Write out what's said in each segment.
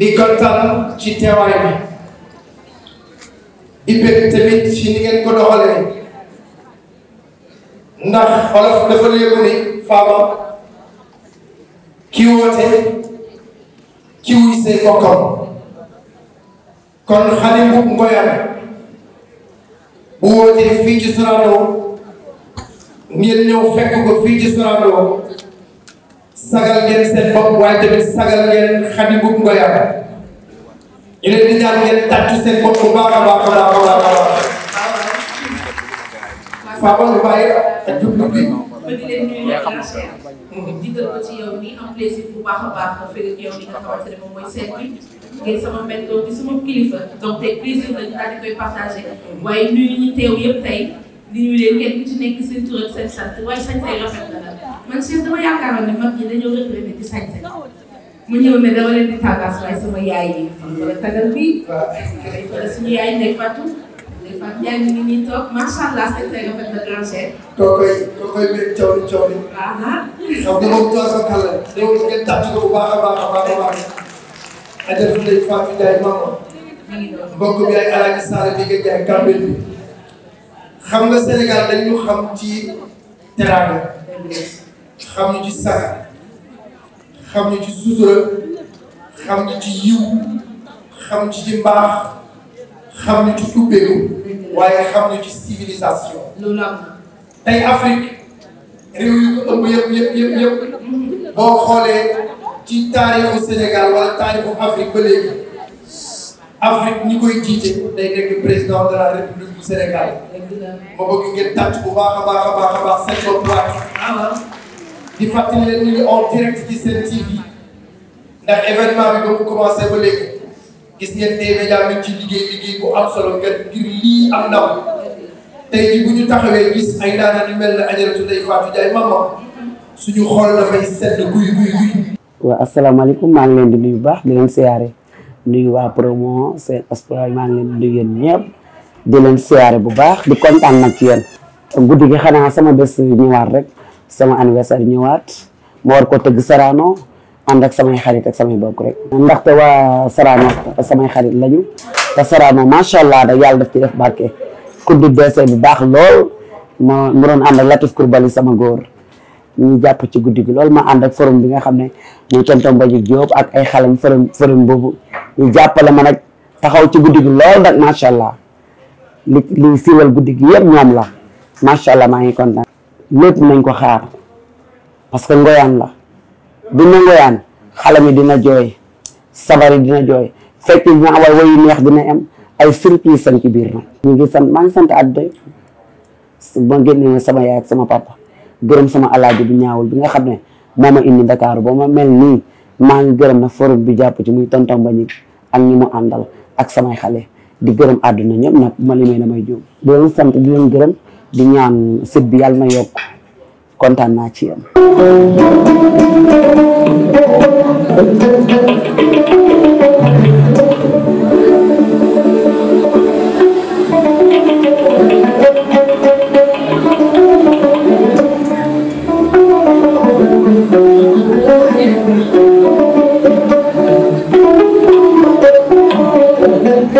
di kontaan ci teewaay bi di bëgg tamit ci ni ko doxalee ndax olof dafa léegi ni faama ki woote ki wuy see kon xale bu ngoyam bu wootee fii ci Sorano ngeen ñëw fekk ko fii ci sagal ngeen seen bopp waaye tamit sagal ngeen xadi bub ngoyam ñu leen di ñaan ngeen tàccu seen bopp bu baax a baax a baax a baax Fapal lu bàyyi ak jublu bi. ma di leen nuyu ñoom ñaar cher. digal ko ci yow nii am plaisir bu baax a baax nga fekk yow li nga xamante ne moom mooy seet bi ngay sama mentor di sama kilifa donc tey plaisir la ñu daal di koy partagé waaye nuyu ñu teew yëpp tey. di ñu leen kenn ku ci nekk seen tur ak seen sant waaye sañ-sañ rafet na la man Cheikh dama yaakaaroon ne mag ñi dañoo retraité ci sañ-sañ mu ñëw ne dama leen di tàggaas waaye sama yaay yi wala tagal bi wala suñu yaay Ndeye Fatou Ndeye Fatou yaay mi ngi nii toog macha allah sañ-sañ rafet na grand chef. too koy too koy mel coow ni coow ni. xam nga moom coow sa kàlla déglu ngeen tàcc ko bu baax a baax a baax a baax. ajal fu Ndeye Fatou Ndiaye maama. mi ngi doon mbokk bi ay alaaji Sall di nga jaay kàmbeel bi. xam nga Sénégal dañu xam ci teraanga xam ñu ci sax xam ñu ci sutura xam ñu ci yiw xam ñu ci mbaax xam ñu ci ubbeeku waaye xam ñu ci civilisation tey Afrique réew yu ko ëmb yëpp yëpp yëpp yëpp boo xoolee ci taarixu Sénégal wala taarixu Afrique ba léegi Afrique ñi koy jiite day nekk président de la République Sénégal ma bëgg ngeen tàcc bu baax baax baax baax section place di fàttali leen ñu ngi en ci seen TV ndax événement bi ba commencé ba léegi gis ngeen D-Media ci liggéey liggéey bu am solo ngir lii am ndaw tey bu ñu taxawee gis ay daanaka mel ne Adjaratou Ndeye Fatou Ndiaye mama suñu xol dafay sedd guy guy guy. waaw asalaamaaleykum maa ngi leen di nuyu baax di leen siyaare nuyu waa promo seen espoir maa ngi leen di nuyu yéen ñëpp. di leen siyaare bu baax di kontaan nag ci guddi gi xanaa sama bés ñëwaat rek sama anniversaire ñëwaat ma war ko tëgg Sorano and ak samay xarit ak samay bokk rek ndaxte waa Sorano samay xarit lañu te Sorano macha allah da yàlla daf ci def barke kuddu deese bu baax lool ma mu doon ànd ak Latif Coulibaly sama góor ñu jàpp ci guddi gi loolu ma ànd ak forum bi nga xam ne muy tonton Mbodji ak ay xalam forum forum boobu ñu jàppale ma nag taxaw ci guddi gi lool nag macha allah li li siiwal guddi gi yëpp ñoom la macha allah maa ngi kontaan. lépp nañ ko xaar parce que ngoyaan la bu ñu ngoyaan xale mi dina jooy sabar dina jooy fekk dina way wayu neex dina am ay surprise san biir nag. sant maa ngi sant sama yaay ak sama papa gërëm sama alaaji bu ñaawul bi nga xam ne moo a indi Dakar ba mel nii maa ngi gërëm na forum bi jàpp ci muy tonton ba ak mu àndal ak samay xale. di gërëm àdduna ñëpp na bu ma limee damay jóg di leen sant di leen gërëm di ñaan sët yàlla na yokk kontaan naa ci yéen.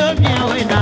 yo me voy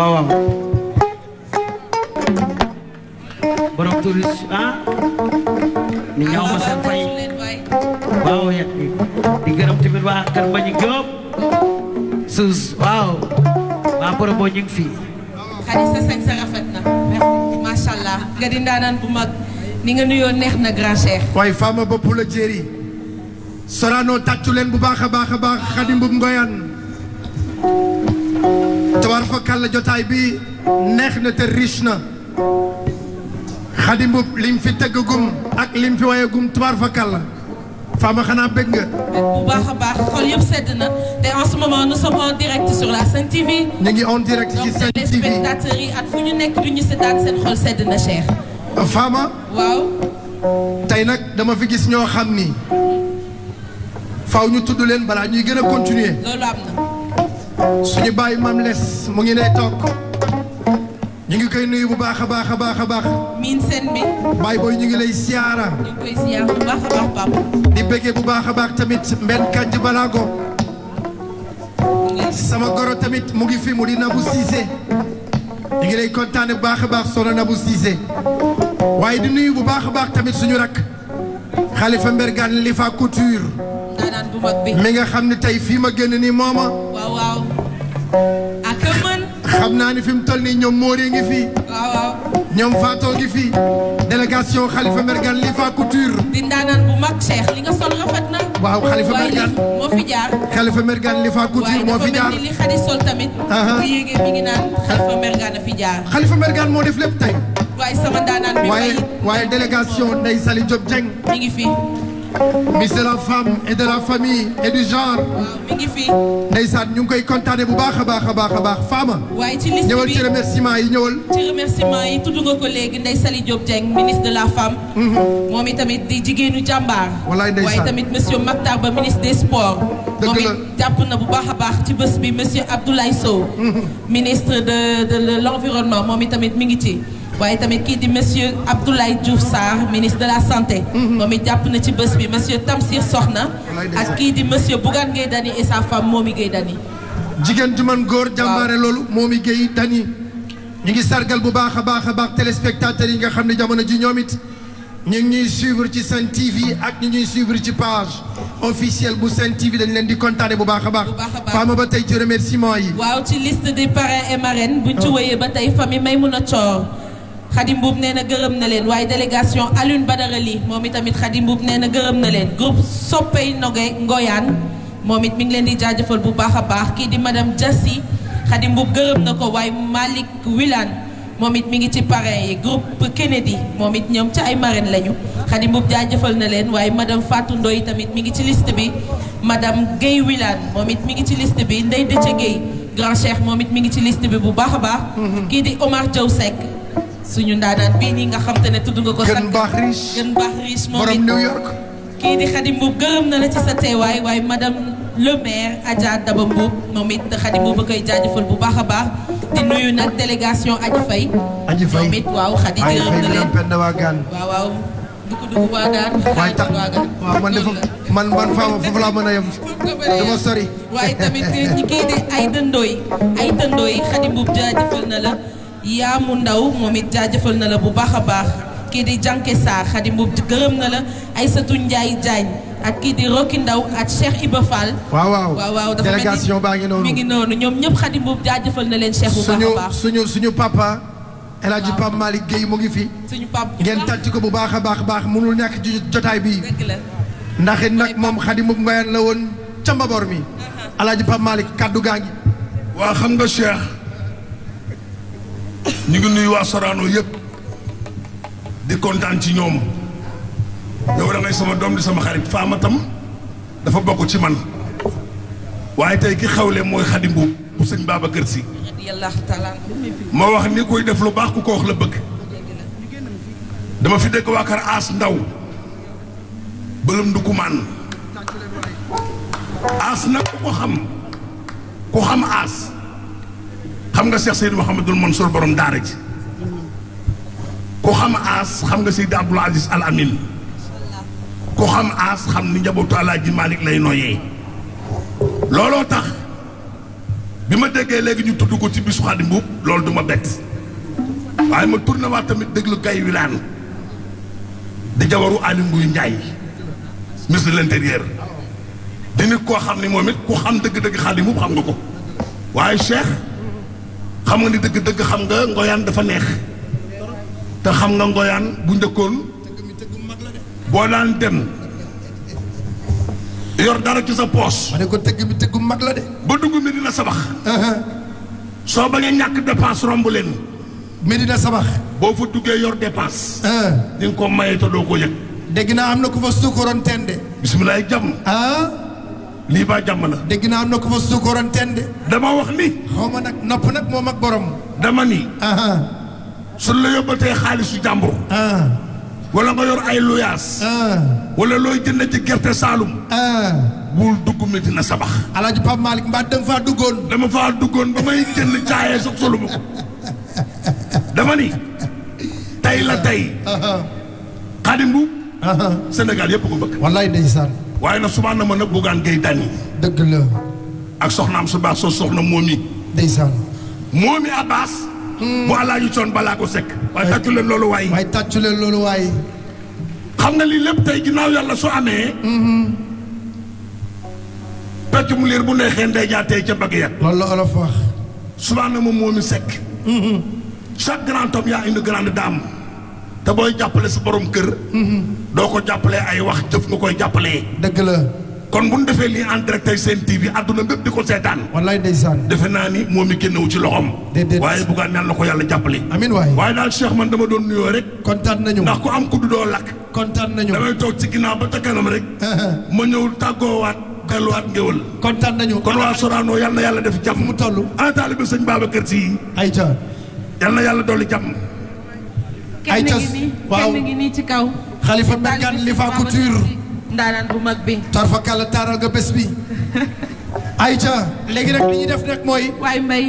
waaw waaw borom touriste ah ni ñëw ma seen fay waaw yet bi di gërëm tamit waa kër Mbañi Diop suus waaw waa borom boo ñu ngi fii sa sañ sa rafet na merci macha nga di ndaanaan bu mag ni nga nuyoo neex na grand cher waaye faama bopp la jéeri Sorano tàccu leen bu baax a baax a baax bu Ngoyaan tubaarkàlla jotaay bi neex na te riche na Khady Mboup lim fi tëggagum ak lim fi wayagum tubaar fa kàlla Fama xanaa bëgg nga. bu baax a baax xol yëpp sedd na te en ce moment nous sommes en direct sur la Sen TV. ñu ngi en direct ci Sen TV donc téléspectateurs fu ñu nekk du ñu seetaan seen xol sedd na cher. Fama. waaw. tey nag dama fi gis ñoo xam ni. faaw ñu tudd leen balaa ñuy gën a suñu bàyyi maam les mu ngi ne toog ñu ngi koy nuyu bu baax a baax a baax a baax. miin seen bi. bàyyi booy ñu ngi lay siyaara. ñu ngi koy siyaar bu baax a baax Pape. di bëggee bu baax a baax tamit mbenn kanj balaago. sama goro tamit mu ngi fi mu di bu Cissé. ñu ngi lay kontaane bu baax a baax na bu Cissé. waaye di nuyu bu baax a baax tamit suñu rakk. Khalifa Mbergane Lifa Couture. ndaanaan bu mag bi. mi nga xam ne tey fii ma génn nii mooma. waaw waaw. ak mën. xam naa ni fi mu toll nii ñoom Mori ngi fii. waaw waaw. ñoom Fatou ngi fii. délégation Khalifa Mergane li fa couture. di ndaanaan bu mag Cheikh li nga sol rafet na. waaw Khalifa Mergane moo fi jaar. Khalifa Mergane li fa couture moo fi jaar waaye dafa mel ni li Khady sol tamit. bu yéegee mi ngi naan Khalifa Mergane a fi jaar. Khalifa Mergane moo def lépp tey. waaye sama ndaanaan bi. waaye waaye délégation Ndeye Sali Diop Dieng. mi ngi fi. ministre de la femme et de la famille et du genre. mi ngi fi. ndeysaan ñu ngi koy kontaane bu baax a baax a baax a baax Fama. waaye ci liste bi ñëwal ci remerciement yi ñëwal. ci remerciement yi tudd nga ko léegi Ndeye Saly Diop Dieng ministre de la femme. Mhm. moom itamit di jigéenu jàmbaar. wallaay ndeysaan waaye tamit monsieur Makhtar Ba ministre des sports. dëgg la moom it jàpp na bu baax a baax ci bés bi monsieur Abdoulaye Sow. Mhm. ministre de de l' environnement moom itamit mi ngi ci. waaye tamit kii di monsieur Abdoulaye Diouf Sarr ministre de la santé. Mhm. moom i jàpp na ci bés bi monsieur Tamsir Soxna. ak kii di monsieur Bougane Gueye Dany et sa femme Momi Gueye Dany. jigéen ju man góor jàmbaare loolu Momi Gueye Dany. ñu ngi sargal bu baax a baax a baax téléspectateurs yi nga xam ne jamono ji ñoom it ñu ngi ñuy suivre ci Sen TV ak ñu ñuy suivre ci page officielle bu Sen TV dañ leen di kontaane bu baax a baax. faama ba tey ci remerciement yi. waaw ci liste des parrains et marraines. buñ ci oh. ba tey famille Maymouna Thior. xadi Mboub nee na gërëm na leen waaye délégation Alioune Badara Ly moom itamit Khady Mboub nee na gërëm na leen groupe Soppey Noge Ngoyaan moom it mi ngi leen di jaajëfal bu baax a baax kii di madame Diassi xadi Mboub gërëm na ko waaye Malick Wilane moom it mi ngi ci parrain yi groupe Kennedy moom it ñoom ci ay marraines lañu Khady Mboub jëfal na leen waaye madame Fatou Ndoye tamit mu ngi ci list bi madame Guèye Wilane moom it mi ngi ci liste bi ndey Dëcce Guèye grand cheikh moom it mi ngi ci list bi bu baax a baax. Mm-hmm. kii di Omar Diaw Seck. suñu ndaanaan bii nii nga xam te ne tudd nga ko. gën baax riche gën baax riche moom it borom New York. kii di Khady Mboup gërëm na la ci sa teewaay waaye madame le maire Adja Daba Mboup moom it Khady Mboup ba koy jaajëfal bu baax a baax di nuyu nag délégation Adji Faye. Adji Faye moom it waaw Khady gërëm na leen waaw waaw. dugg dugg waa gaan waaye tax waaw man dafa man man faama foofu laa mën a yem dama sori waaye tamit kii di ay dëndooy ay dëndooy Khady Mboup jaajëfal na la yaa mu ndaw moom it jëfal na la bu baax a baax kii di Janké Sarr Xadi Mbuub gërëm na la Aysatu Njaay Jaañ ak kii di Roki Ndaw ak Cheikh Iba Fall. waaw waaw waaw waaw dafa baa ngi noonu mi ngi noonu ñoom ñëpp Xadi Mbuub jaajëfal na leen Cheikh bu baax a baax suñu suñu papa. El Hadj Pape Malick Guèye mu ngi fi. suñu papa ngeen tàcc ko bu baax a baax baax mënul ñàkk ci jotaay bi. ndax it nag moom Xadi Mbuub ngoyaan la woon ca mbaboor mi. Uh-huh. El Hadj Pape Malick gaa ngi. xam nga Cheikh. ñu ngi nuyu waa Sorano yëpp di kontaan ci ñoom yow da sama doom di sama xarit faama dafa bokk ci man waaye tey ki xawle mooy xadim bu bu sëñ Babacar Si moo wax ni kuy def lu baax ku ko wax la bëgg dama fi dégg waa kër Ndaw bëlëm du kumaan As nag ku ko xam ku xam As xam nga Cheikh Seydou Mouhamadul Mansour borom daara ji ku xam aas xam nga Seydou Abdoul Aziz Al Amin ku xam aas xam ni njabootu Alaaji Malick lay noyee looloo tax bi ma déggee léegi ñu tudd ko ci bisu Xaadim Mbuub loolu du ma bett waaye ma tourné waat tamit déglu Gaye Wilane di jabaru Aly Ngouille Ndiaye l'intérieur di koo xam ni moom it ku xam dëgg-dëgg Xaadim xam nga ko waaye Cheikh xam nga ni dëgg dëgg xam nga ngoyaan dafa neex te xam nga ngoyaan bu njëkkoon boo daan dem yor dara ci sa poos. ma ne ko tëgg bi tëggu mag la de. ba dugg Medina Sabax. Uh-huh. soo bañee ñàkk dépense romb leen. Medina Sabax. boo fa duggee yor dépense. Uh-huh. di ko maye te doo ko yëg. dégg naa am na ku fa suukaroon teen de. bisimilah jàmm. ah. lii baa jàmm la. dégg naa am fa suukaroon de. dama wax ni. xaw nag nopp nag moom ak borom. dama ni. suñ la yóbbatee xaalisu jàmbur. wala ma yor ay luyaas. wala looy jënd ci gerte saalum. bul dugg Medina Sabax. alaaji Pape Malick mbaa dama faa duggoon. dama faa duggoon ba may jënd caayee sax soluma ko dama ni. tey la tey. xadim bu. Sénégal yëpp ko bëgg. wallaay ndeysaan. waaye nag subaa na ma nag Bougane Gueye Dany dëgg la. ak soxnaam su baax soo soxna Momi. ndeysaan. Momi Abbas. Hmm. bu alaaji coon balaa ko sekk. waaye tàccu leen loolu waay. waaye tàccu leen loolu waay. xam nga lii lépp tey ginnaaw yàlla su amee. Hmm. peccum liir bu neexee ndey jaa ca bëgg yàq. loolu la olof wax. subaa na ma Momi sekk. Hmm. chaque grand homme y a une grande dame. te booy jàppale sa borom kër. Mm-hmm. doo ko jàppalee ay wax jëf nga koy jàppalee. dëgg la. kon bu ñu defee lii en direct tey seen TV àdduna bépp di ko seetaan. wallaay ndeysaan. defe naa ni moom i génnewu ci loxoom. déedéet waaye bu ko amee na ko yàlla jàppale. amiin waay waaye daal Cheikh man dama doon nuyoo rek. kontaan nañu ndax ku am ku doo lakk. kontaan nañu damay toog ci ginnaaw ba ca kanam rek. ma ñëw tàggoowaat. delluwaat ngéwal. kontaan nañu kon waa Sorano yal na yàlla def jàmm mu toll. en taalibe sëñ Babacar Si. ayca. na yàlla dolli jàmm. ay cas waaw kenn ngi nii ci kaw. xalifa Mbergane Lifa Couture. ndaanaan bu mag bi. tarfa kàlla taaral nga bés bi. ay ca léegi nag li ñuy def nag mooy. waaye mbay.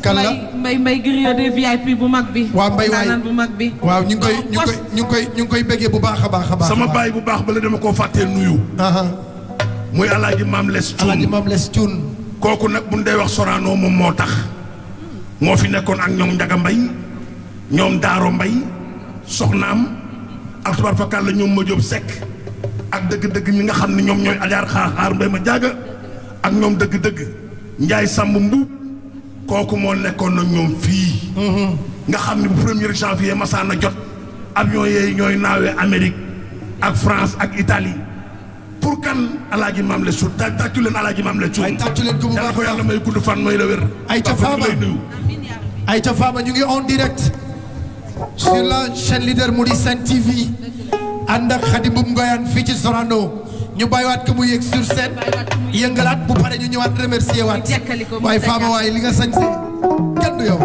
kan la mbay mbay griot de VIP bu mag bi. waaw mbay waay ndaanaan bu mag bi. waaw ñu ngi koy ñu ngi koy koy bëggee bu baax a baax a baax. sama baay bu baax ba la dama koo fàttee nuyu. muy alaaji maam les Thioune alaaji maam les Thioune. kooku nag bu ñu dee wax Sorano moom moo tax. moo fi nekkoon ak ñoom Ndiaga Mbaye ñoom Daaro Mbay soxnaam ak tubaab fakkaat la ñoom ma jóob sekk ak dëgg-dëgg ñi nga xam ne ñoom ñooy ajaar xaaxaar mbay ma jaaga ak ñoom dëgg-dëgg njaay sàmb mbuub kooku moo nekkoon na ñoom fii nga xam ni premier bu premier janvier masaana jot avion yooyu ñooy naawee Amérique ak France ak Italie pour kan alaaji maam le suur ta tàccu leen alaaji maam le suur yàlla ko yàlla may gudd fan may la wér ay ca faama ay ca faama ñu ngi en direct sur la chaîne leader mu di Sen TV ànd ak Khady Mboup Ngoyane fii ci Sorano ñu bàyyiwaat ko mu yëg sur scène yëngalaat bu pare ñu ñëwaat remercier waat waaye Fama waaye li nga sañ si kenn du yow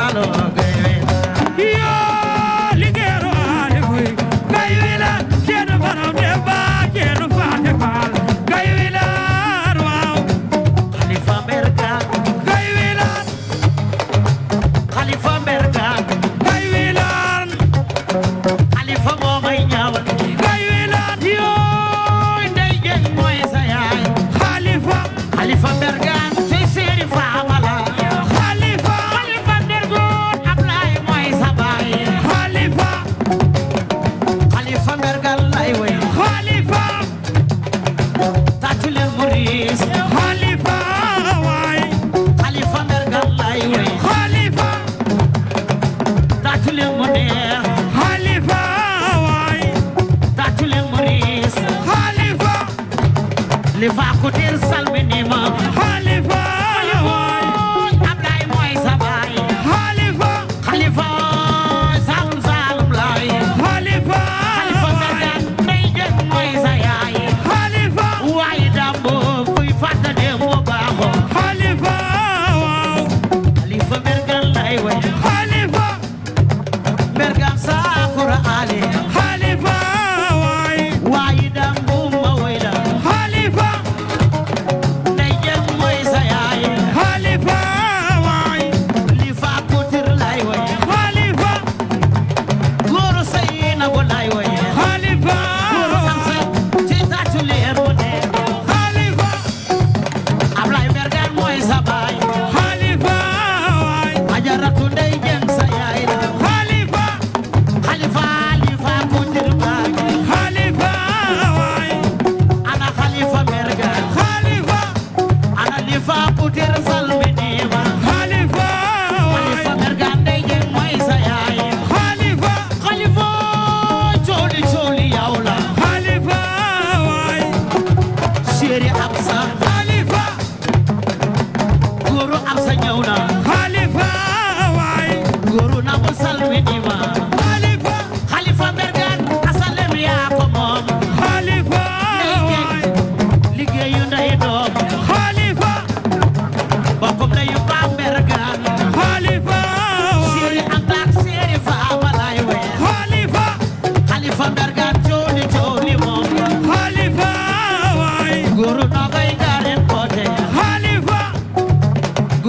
ano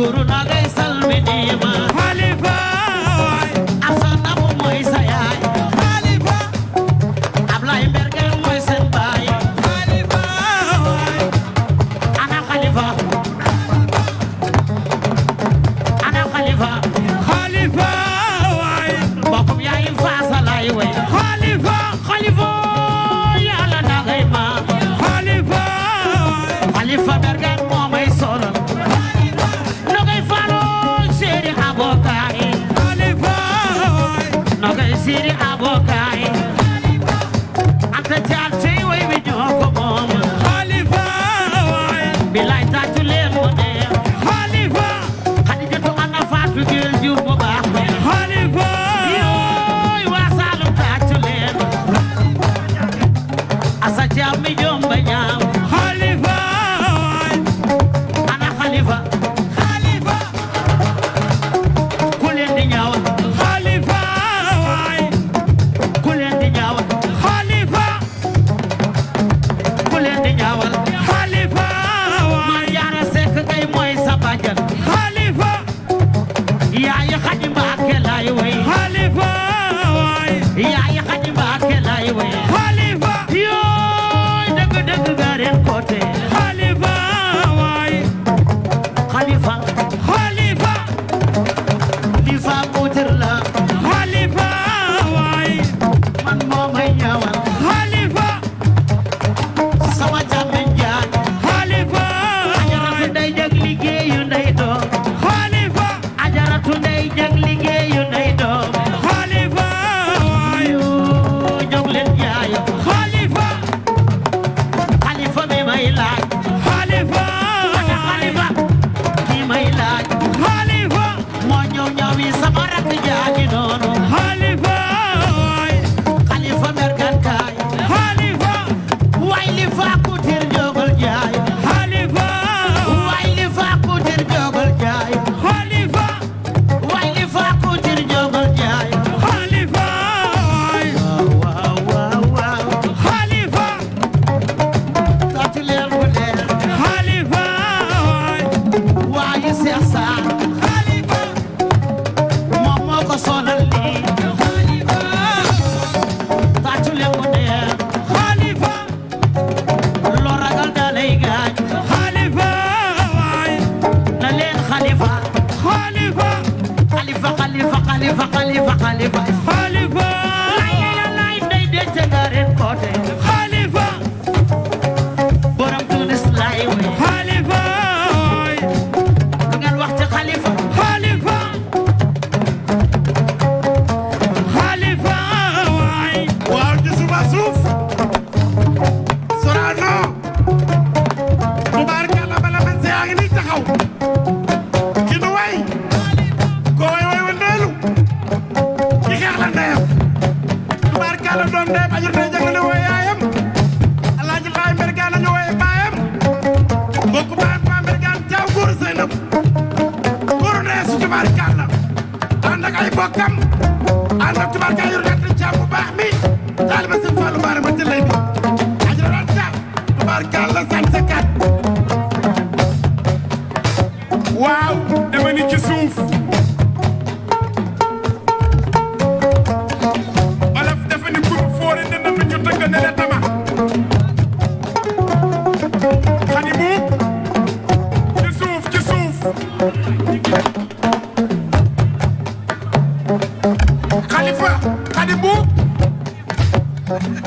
guru Yeah, yeah.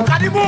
Kadimu